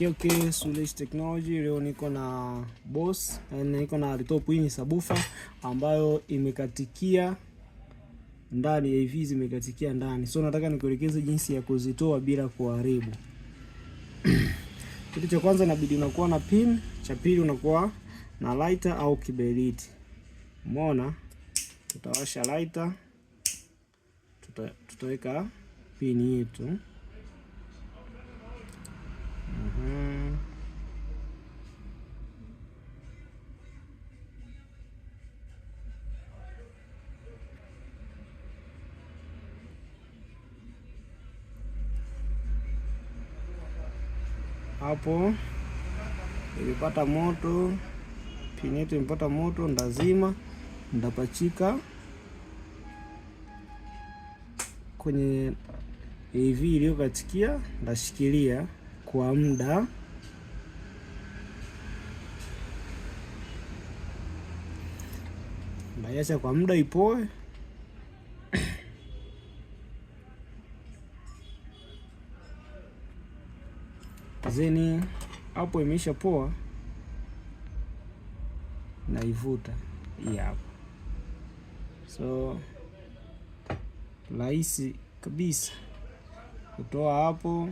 Okay, okay, Sulesh Technology. Leo niko na Boss, na eh, niko na laptop hii ni sabufa ambayo imekatikia ndani, AV zimekatikia ndani, so nataka nikuelekeze jinsi ya kuzitoa bila kuharibu. Kitu cha kwanza inabidi unakuwa na pin, cha pili unakuwa na lighter au kiberiti. Umeona, tutawasha lighter, tutaweka pin yetu hapo ilipata moto, pinyeto imepata moto, ndazima ndapachika kwenye AV katikia, ndashikilia kwa muda ndaiacha kwa muda ipoe. zeni hapo imeisha poa, naivuta hii hapo. So rahisi kabisa kutoa hapo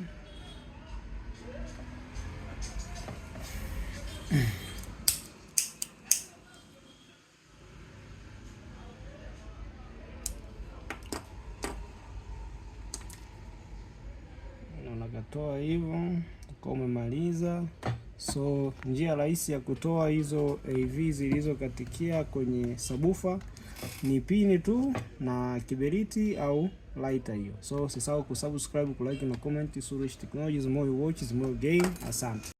unakatoa hivyo kwa umemaliza. So njia rahisi ya kutoa hizo AV zilizokatikia kwenye sabufa ni pini tu na kiberiti au lighter hiyo. So usisahau kusubscribe, kulike na comment. Suresh Technologies, more watches, more gain. Asante.